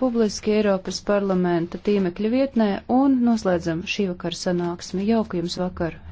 publiski Eiropas parlamenta tīmekļa vietnē un noslēdzam šī vakara sanāksmi. Jauku jums vakaru!